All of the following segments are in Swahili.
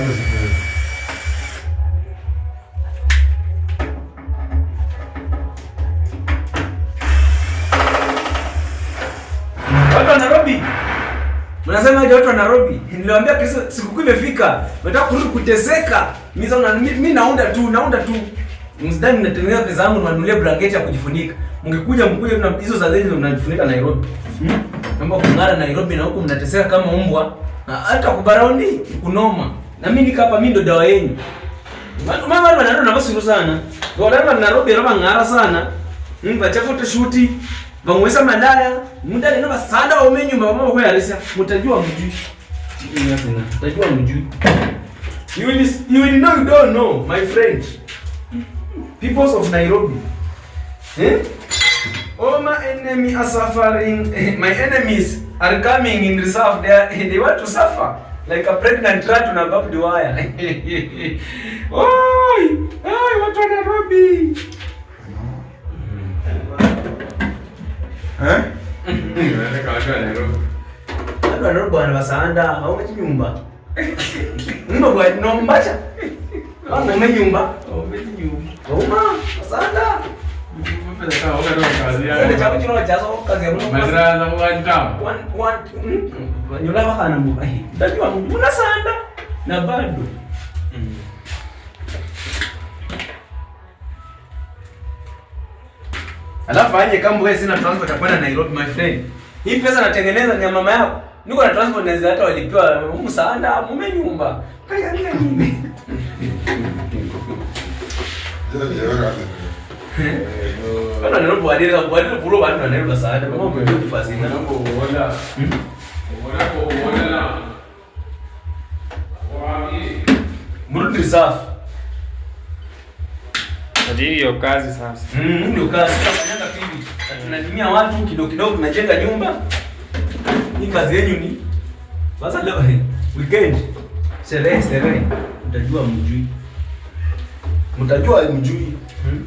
the Nairobi. Mnasema aje watu wa Nairobi? Niliwaambia kesho sikukuu imefika. Nataka kurudi kuteseka. Mimi mimi naunda tu, naunda tu. Msidhani natengeneza pesa yangu niwanunulie blanketi ya kujifunika. Mngekuja mkuje na hizo za zenu mnajifunika Nairobi. Hmm? Naomba kung'ara Nairobi na huku mnateseka kama mbwa. Hata kubaraundi kunoma na mimi hapa, mimi ndo dawa yenu. mama wale wanaro na basuru sana wala wale narobe roba ngara sana Mimi mva chafuta shuti madaya, muda ni na sada wa menu mama kwa yarisa mtajua mjui Mtajua mjui you will you will know you don't know my friend People of Nairobi eh Oh, my enemy are suffering. Eh, my enemies are coming in reserve. They, are, they want to suffer like a pregnant rat una barbed wire. Oi! Ai, watu wa Nairobi. Eh? watu wa Nairobi. Watu wa hauna nyumba. Mno bwana, nombacha. Hauna nyumba. Hauna nyumba. Hauna wasaanda nyolavakhana mulahi ndajua na bado alafu aje kama wewe sina transport ya kwenda Nairobi my friend. Hii pesa natengeneza ni mama yako. Niko na transport naweza hata walipewa msaada mume nyumba. Kayaangalia nini? Bado anaelewa kuadili kuadili puro bado anaelewa sana. Kama umejua kufasi na mambo unaona. Unaona kwa unaona na wapi? Mrudi safi. Kadiri hiyo kazi sasa. Mm, ndio kazi tunafanya hivi. Tunalimia watu kidogo kidogo tunajenga nyumba. Ni kazi ni. Sasa leo weekend. Sherehe sherehe. Mtajua mjui. Mtajua mjui. Hmm?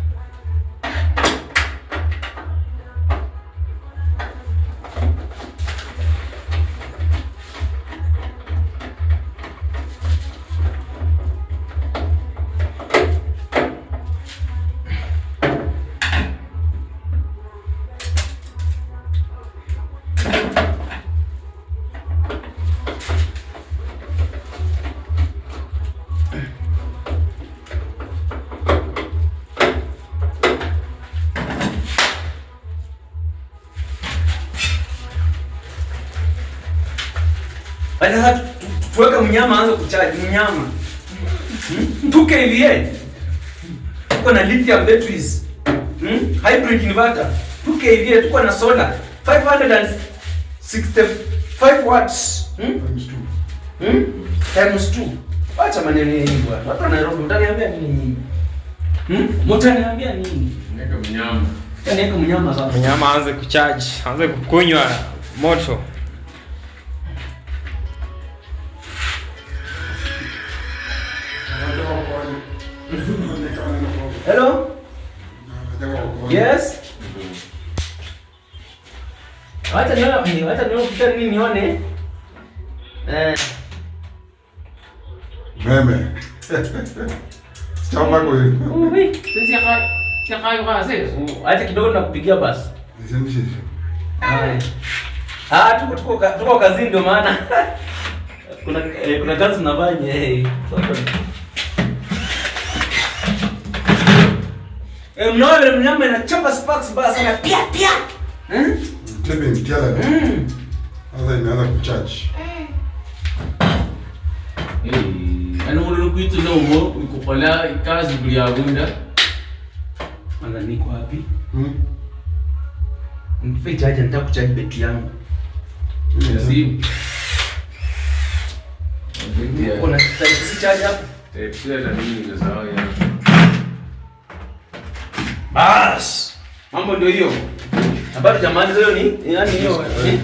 na sasa tuweka mnyama aanze kuchaji mnyama hmm? 2 kVA eh. tuko na lithium batteries hmm? hybrid inverter 2 kVA eh, tuko na solar 565 watts hmm? times 2 hmm? wacha maneno yenyewe bwana. Watu wa Nairobi utaniambia nini nyinyi? Hmm? Mtaniambia nini? Niweke mnyama. Niweke mnyama sasa. Mnyama aanze kuchaji aanze kukunywa moto. Hello? Yes? Wacha nione, wacha nione kuta nini nione. Eh. Meme. Chama kwa hiyo. Uwi, sisi hapa sisi hapa sisi. Acha kidogo nakupigia basi. Niseme Ah, tuko tuko tuko kazini ndio maana. Kuna eh, kuna kazi tunafanya eh. Eh, mnaona vile mnyama inachapa sparks baya sana pia pia. Eh? Hmm? Clipping tiala. Hmm. Sasa imeanza kucharge. Eh, ana ule kitu ndio huo ukopala kazi bila agunda. Ana niko wapi? Hmm. Mpe charge nataka kucharge beti yangu. Hmm. Simu. Kuna charge hapo? Eh, pia na nini ndio sawa. Bas. Mambo ndio hiyo. Habari jamani leo ni yani hiyo. Eh?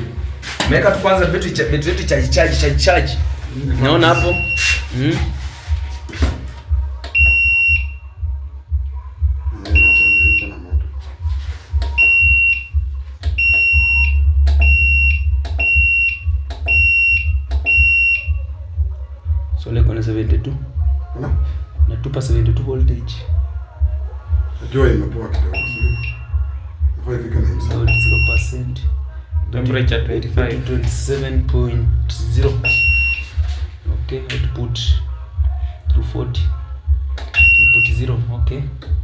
Meka tu kwanza betri cha betri cha charge cha charge. Naona hapo. Mm. So kwa kuna 72. Na? Natupa 72 voltage. Najua imepoa kidogo. Temperature 25. 27.0. Okay, output 240. Output 0, okay.